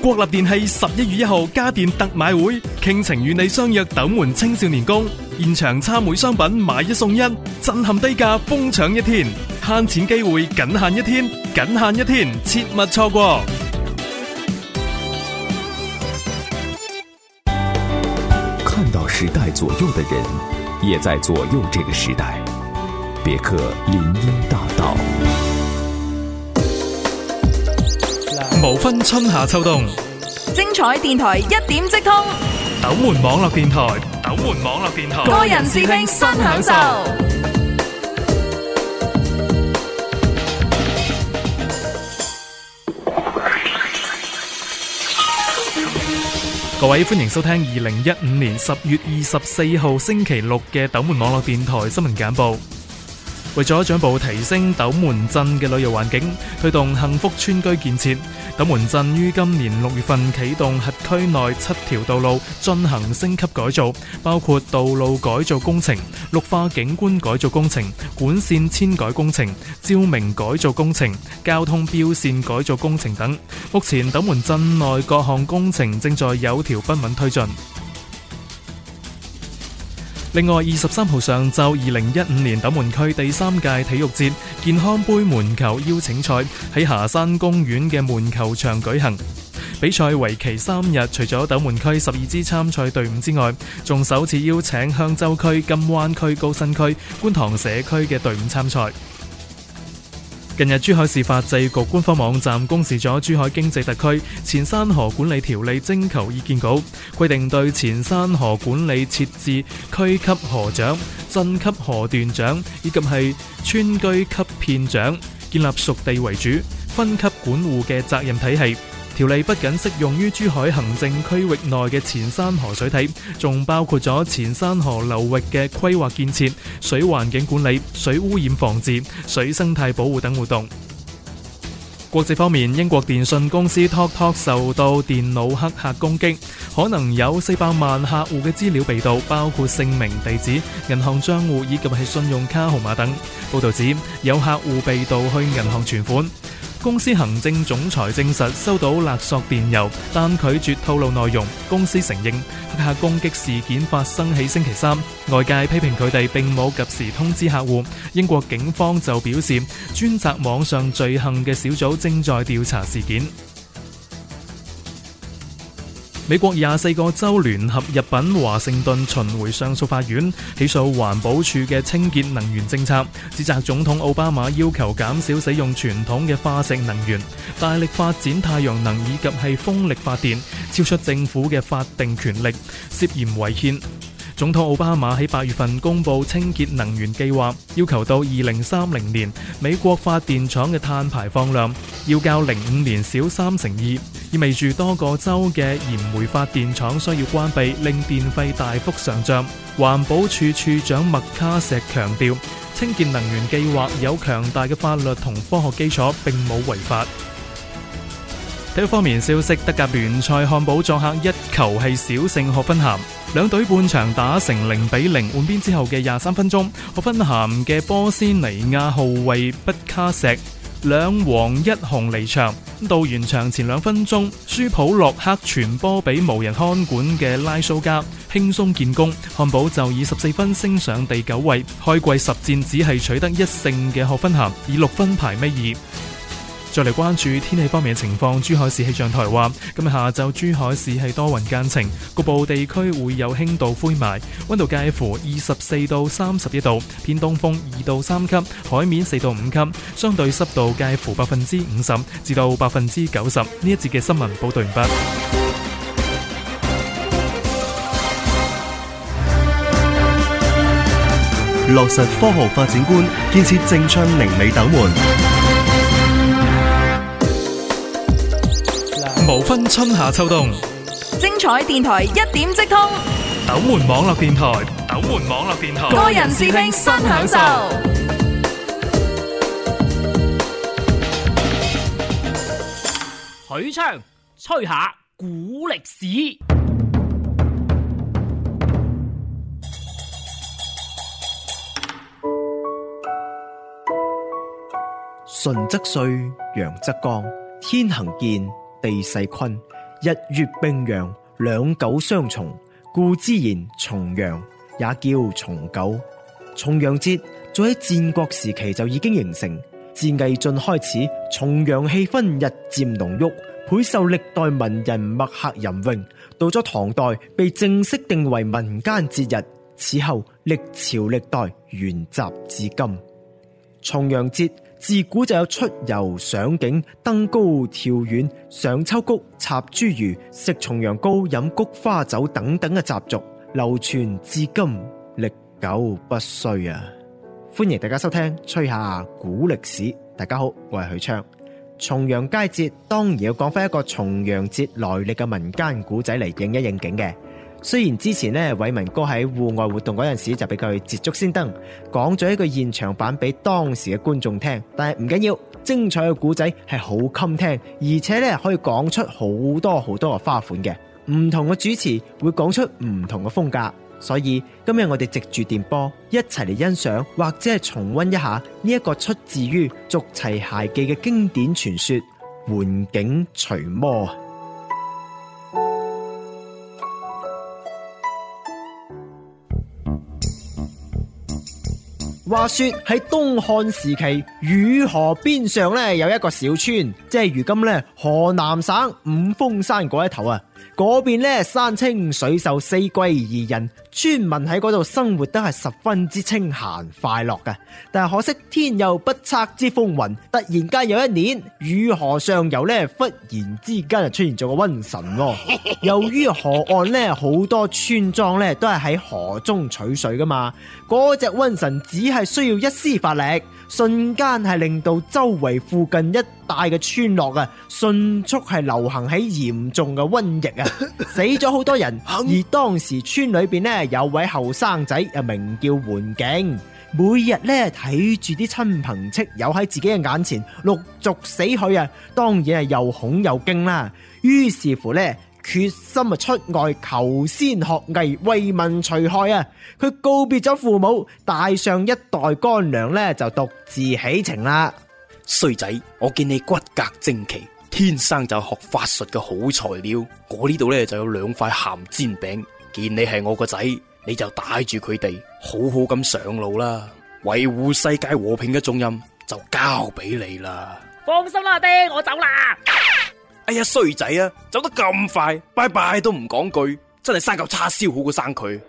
國立電器十一月一號家電特賣會，傾情與你相約斗門青少年宮，現場參會商品買一送一，震撼低價瘋搶一天，慳錢機會僅限一天，僅限一天，切勿錯過。看到時代左右的人，也在左右這個時代。別克林蔭大道。無分春夏秋冬，精彩電台一點即通。斗門網絡電台，斗門網絡電台，個人視聽新享受。各位，歡迎收聽二零一五年十月二十四號星期六嘅斗門網絡電台新聞簡報。為咗進一步提升斗門鎮嘅旅遊環境，推動幸福村居建設，斗門鎮於今年六月份啟動轄區內七條道路進行升級改造，包括道路改造工程、綠化景觀改造工程、管線遷改工程、照明改造工程、交通標線改造工程等。目前斗門鎮內各項工程正在有條不紊推進。另外，二十三號上晝，二零一五年斗門區第三屆體育節健康杯門球邀請賽喺霞山公園嘅門球場舉行。比賽為期三日，除咗斗門區十二支參賽隊伍之外，仲首次邀請香洲區、金灣區、高新區、觀塘社區嘅隊伍參賽。近日，珠海市法制局官方網站公示咗《珠海經濟特區前山河管理條例徵求意見稿》，規定對前山河管理設置區級河長、鎮級河段長以及係村居級片長，建立屬地為主、分級管護嘅責任體系。條例不僅適用於珠海行政區域內嘅前山河水體，仲包括咗前山河流域嘅規劃建設、水環境管理、水污染防治、水生態保護等活動。國際方面，英國電信公司 TalkTalk talk 受到電腦黑客攻擊，可能有四百萬客戶嘅資料被盜，包括姓名、地址、銀行賬戶以及係信用卡號碼等。報道指有客戶被盜去銀行存款。公司行政總裁證實收到勒索電郵，但拒絕透露內容。公司承認黑客攻擊事件發生喺星期三，外界批評佢哋並冇及時通知客戶。英國警方就表示，專責網上罪行嘅小組正在調查事件。美國廿四個州聯合入稟華盛頓巡回上訴法院起訴環保署嘅清潔能源政策，指責總統奧巴馬要求減少使用傳統嘅化石能源，大力發展太陽能以及係風力發電，超出政府嘅法定權力，涉嫌違憲。總統奧巴馬喺八月份公布清潔能源計劃，要求到二零三零年美國發電廠嘅碳排放量要較零五年少三成二，意味住多個州嘅燃煤發電廠需要關閉，令電費大幅上漲。環保署署長麥卡錫強調，清潔能源計劃有強大嘅法律同科學基礎，並冇違法。體育方面消息，德甲聯賽漢堡作客一球係小勝荷芬咸。兩隊半場打成零比零，換邊之後嘅廿三分鐘，科芬咸嘅波斯尼亞後衛不卡石兩黃一紅離場。到完場前兩分鐘，舒普洛克傳波俾無人看管嘅拉蘇加，輕鬆建功。漢堡就以十四分升上第九位。開季十戰只係取得一勝嘅科芬咸，以六分排尾二。再嚟關注天氣方面嘅情況，珠海市氣象台話今日下晝珠海市係多雲間晴，局部地區會有輕度灰霾，溫度介乎二十四到三十一度，偏東風二到三級，海面四到五級，相對濕度介乎百分之五十至到百分之九十。呢一節嘅新聞報道完畢。落實科學發展觀，建設正昌寧美斗門。無分春夏秋冬，精彩電台一點即通。斗門網絡電台，斗門網絡電台，個人視聽新享受。許昌吹下古歷史，順則歲，陽則光，天行健。地勢坤，日月並陽，兩九相重，故之言重陽，也叫重九。重陽節早喺戰國時期就已經形成，自魏晉開始，重陽氣氛日漸濃郁，倍受歷代文人墨客吟詠。到咗唐代，被正式定為民間節日，此後歷朝歷代沿襲至今。重陽節。自古就有出遊賞景、登高跳遠、賞秋菊、插茱萸、食重陽糕、飲菊花酒等等嘅習俗，流傳至今，歷久不衰啊！歡迎大家收聽《吹下古歷史》。大家好，我係許昌。重陽佳節，當然要講翻一個重陽節來歷嘅民間古仔嚟應一應景嘅。雖然之前咧，偉文哥喺戶外活動嗰陣時就比佢捷足先登，講咗一個現場版俾當時嘅觀眾聽。但係唔緊要，精彩嘅古仔係好襟聽，而且咧可以講出好多好多嘅花款嘅，唔同嘅主持會講出唔同嘅風格。所以今日我哋藉住電波一齊嚟欣賞或者係重溫一下呢一個出自於《續齊諧記》嘅經典傳說《換景除魔》。話說喺東漢時期，汝河邊上有一個小村，即如今河南省五峰山嗰一頭啊。嗰邊咧，山清水秀，四季宜人，村民喺嗰度生活得係十分之清閒快樂嘅。但係可惜天有不測之風雲，突然間有一年，雨河上游咧忽然之間就出現咗個瘟神。由於河岸咧好多村莊咧都係喺河中取水噶嘛，嗰隻瘟神只係需要一絲法力，瞬間係令到周圍附近一。大嘅村落啊，迅速係流行起嚴重嘅瘟疫啊，死咗好多人。 而當時村裏邊呢，有位後生仔，又名叫桓景，每日咧睇住啲親朋戚友喺自己嘅眼前陸續死去啊，當然係又恐又驚啦。於是乎咧，決心啊出外求仙學藝，為民除害啊！佢告別咗父母，帶上一袋乾糧咧，就獨自起程啦。衰仔，我見你骨骼精奇，天生就學法術嘅好材料。我呢度呢就有兩塊鹹煎餅，見你係我個仔，你就帶住佢哋，好好咁上路啦。維護世界和平嘅重任就交俾你啦。放心啦，爹，我走啦。哎呀，衰仔啊，走得咁快，拜拜都唔講句，真係生嚿叉燒好過生佢。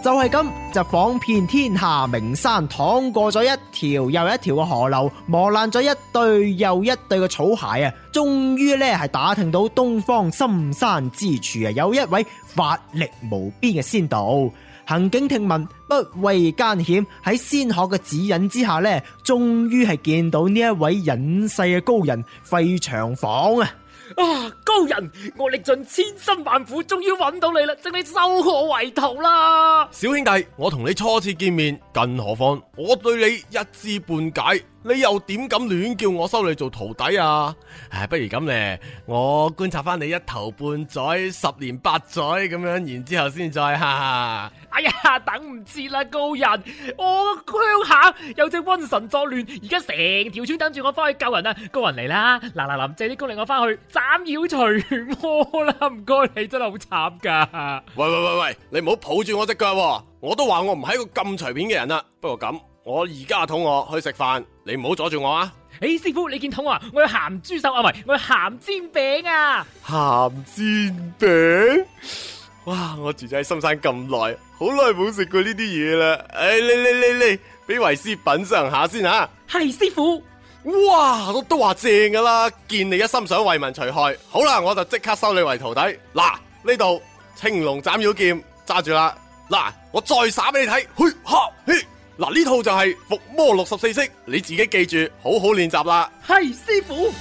就係咁，就訪遍天下名山，淌過咗一條又一條嘅河流，磨爛咗一對又一對嘅草鞋啊，終於咧係打聽到東方深山之處啊，有一位法力無邊嘅仙道桓景，聽聞不畏艱險，喺仙鶴嘅指引之下咧，終於係見到呢一位隱世嘅高人費長房啊。啊，高人，我歷盡千辛萬苦，終於揾到你啦！請你收我為徒啦！小兄弟，我同你初次見面，更何況我對你一知半解，你又點敢亂叫我收你做徒弟啊？唉、啊，不如咁咧，我觀察翻你一頭半載、十年八載咁樣，然之後先再哈哈，哎呀，等唔切啦，高人，我鄉下有隻瘟神作亂，而家成條村等住我翻去救人啊！高人嚟啦，嗱嗱林借啲功力我翻去。斬妖除魔啦，唔該你真係好慘噶！喂喂喂喂，你唔好抱住我隻腳，啊，我都話我唔係一個咁隨便嘅人啦，啊。不過咁，我而家肚餓，去食飯，你唔好阻住我啊！誒、欸，師傅，你見肚餓，我要咸豬手啊，唔係，我要咸煎餅啊！咸煎餅？哇！我住喺深山咁耐，好耐冇食過呢啲嘢啦。誒、哎，你你你你，俾為師品嘗下先吓。係，師傅。哇，我都話正噶啦，見你一心想為民除害，好啦，我就即刻收你為徒弟。嗱，呢度青龍斬妖劍揸住啦。嗱，我再耍俾你睇，去，哈，去，嗱，呢套就係伏魔六十四式，你自己記住，好好練習啦。係師傅。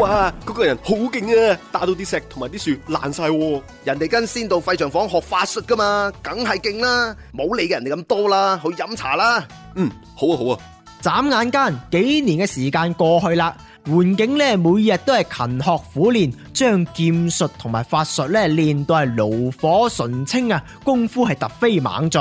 哇！嗰、那個人好勁啊，打到啲石同埋啲樹爛晒。人哋跟先到費長房學法術噶嘛，梗係勁啦。冇理人哋咁多啦，去飲茶啦。嗯，好啊，好啊。眨眼間幾年嘅時間過去啦，桓景呢每日都係勤學苦練，將劍術同埋法術呢練到係爐火純青啊！功夫係突飛猛進。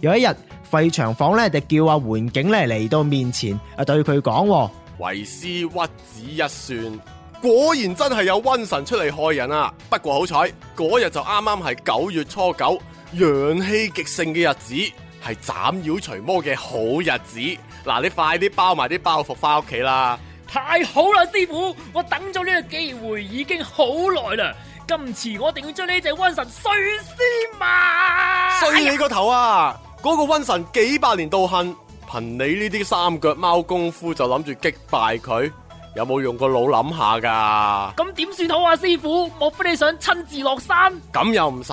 有一日，費長房呢就叫阿桓景呢嚟到面前啊，對佢講。為師屈指一算，果然真係有瘟神出嚟害人啊！不過好彩，嗰日就啱啱係九月初九，陽氣極盛嘅日子，係斬妖除魔嘅好日子。嗱、啊，你快啲包埋啲包袱返屋企啦！太好啦，師傅，我等咗呢個機會已經好耐啦，今次我一定要將呢隻瘟神碎屍嘛！碎你個頭啊！嗰、哎、呀個瘟神幾百年道行。憑你呢啲三腳貓功夫就諗住擊敗佢，有冇用個腦諗下噶？咁點算好啊，師傅？莫非你想親自落山？咁又唔使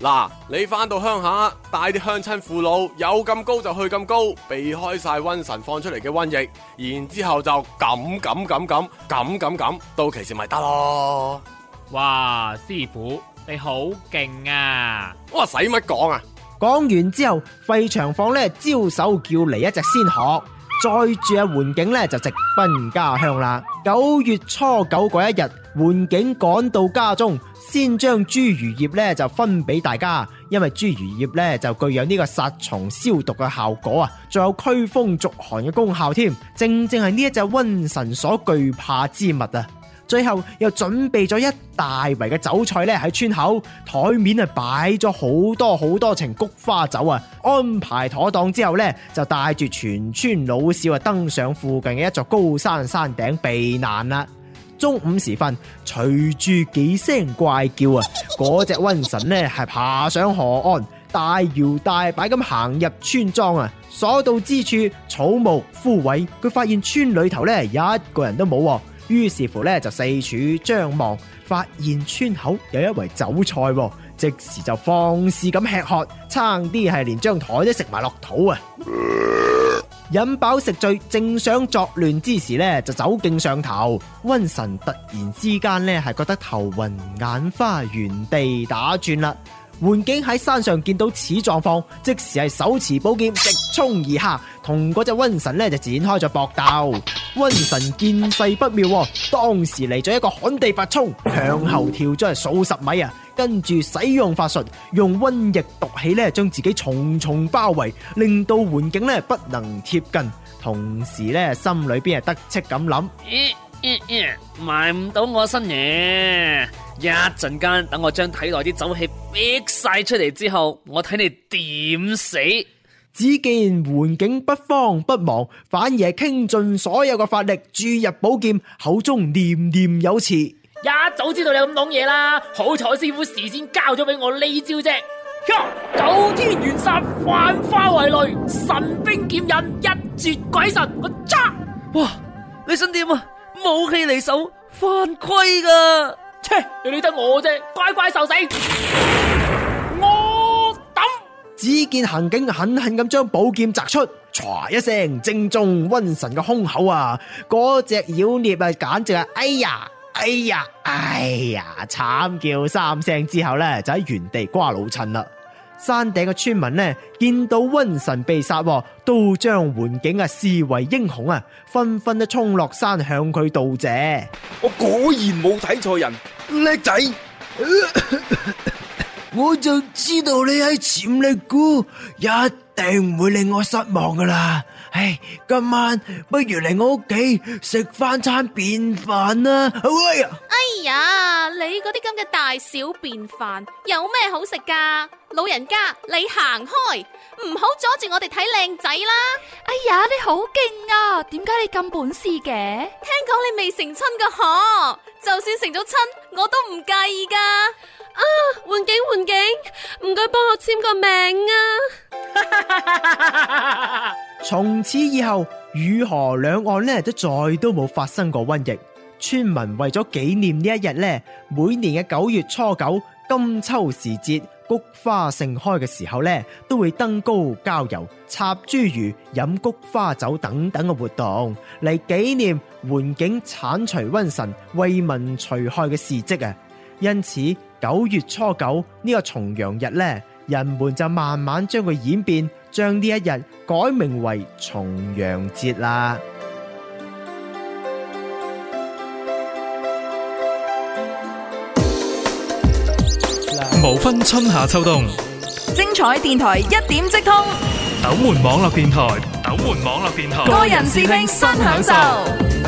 嗱，你翻到鄉下帶啲鄉親父老，有咁高就去咁高，避開晒瘟神放出嚟嘅瘟疫，然之後就咁咁咁咁咁咁咁，到其時咪得咯？哇，師傅，你好勁啊！我話使乜講啊？講完之後，費長房咧招手叫嚟一隻仙鶴，載住阿桓景咧就直奔家鄉啦。九月初九嗰一日，桓景趕到家中，先將茱萸葉咧就分俾大家，因為茱萸葉咧就具有呢個殺蟲消毒嘅效果啊，仲有驅風逐寒嘅功效添。正正係呢一隻瘟神所懼怕之物啊！最後又準備咗一大圍嘅酒菜咧，喺村口台面啊擺咗好多好多埕菊花酒啊，安排妥當之後咧，就帶住全村老少啊登上附近嘅一座高山山頂避難啦。中午時分，隨住幾聲怪叫啊，嗰隻瘟神咧係爬上河岸，大搖大擺咁行入村莊啊，所到之處草木枯萎，佢發現村裏頭咧一個人都冇。於是乎咧，就四處張望，發現村口有一圍酒菜，即時就放肆咁吃喝，差啲係連張台都食埋落肚啊！飲飽食醉，正想作亂之時咧，就酒勁上頭，瘟神突然之間咧，係覺得頭暈眼花，原地打轉啦。桓景喺山上見到此狀況，即時係手持寶劍直衝而下，同嗰隻瘟神呢就展開咗搏鬥。瘟神見勢不妙，當時嚟咗一個旱地拔蔥，向後跳咗嚟數十米啊，跟住使用法術，用瘟疫毒氣呢將自己重重包圍，令到桓景呢不能貼近，同時呢，心裏邊係得戚咁諗。欸耶耶、嗯嗯，埋唔到我身嘢？一陣間等我將體內啲酒氣逼晒出嚟之後，我睇你點死！只見玄境，不慌不忙，反而係傾盡所有嘅法力注入寶劍，口中念念有詞。一早知道你咁懂嘢啦，好彩師傅事先交咗俾我呢招啫。九天玄煞萬花圍內，神兵劍引一絕鬼神，我揸！哇，你想點啊？武器嚟手犯規噶，切、呃！你理得我啫，乖乖受死！我抌丟，只見行警狠狠咁將寶劍擲出，唰一聲正中瘟神嘅胸口啊！嗰隻妖孽啊，簡直係哎呀哎呀哎呀，慘、哎哎、叫三聲之後咧，就喺原地瓜老襯啦。山頂嘅村民呢，見到瘟神被殺，都將援警啊視為英雄啊，紛紛都衝落山向佢道謝。我果然冇睇錯人，叻帥仔！ 我就知道你喺潛力股，一定唔會令我失望噶啦。唉，今晚不如嚟我屋企食翻餐便飯啦！哎呀，哎呀，你嗰啲咁嘅大小便飯有咩好食噶？老人家，你行開，唔好阻住我哋睇靚仔啦！哎呀，你好勁啊！點解你咁本事嘅？聽講你未成親噶，嗬就算成咗親，我都唔介意噶。啊，換景換景，唔該幫我簽個名啊！ 從此以後，汝河兩岸咧都再都冇發生過瘟疫。村民為咗紀念呢一日咧，每年嘅九月初九，金秋時節，菊花盛開嘅時候咧，都會登高郊遊、插茱萸、飲菊花酒等等嘅活動嚟紀念桓景鏟除瘟神、為民除害嘅事蹟啊！因此，九月初九呢個重陽日咧。人們就慢慢將佢演變，將呢一日改名為重陽節啦。無分春夏秋冬，精彩電台一點即通，斗門網絡電台，斗門網絡電台，個人視聽新享受。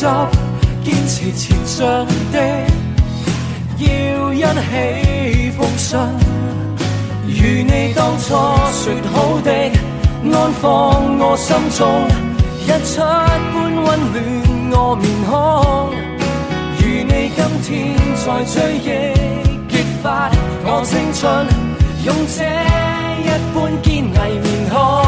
堅持前進的，要一起封信，如你當初說好的，安放我心中，日出般溫暖我面孔。如你今天在追憶激發我青春，用這一般堅毅面孔。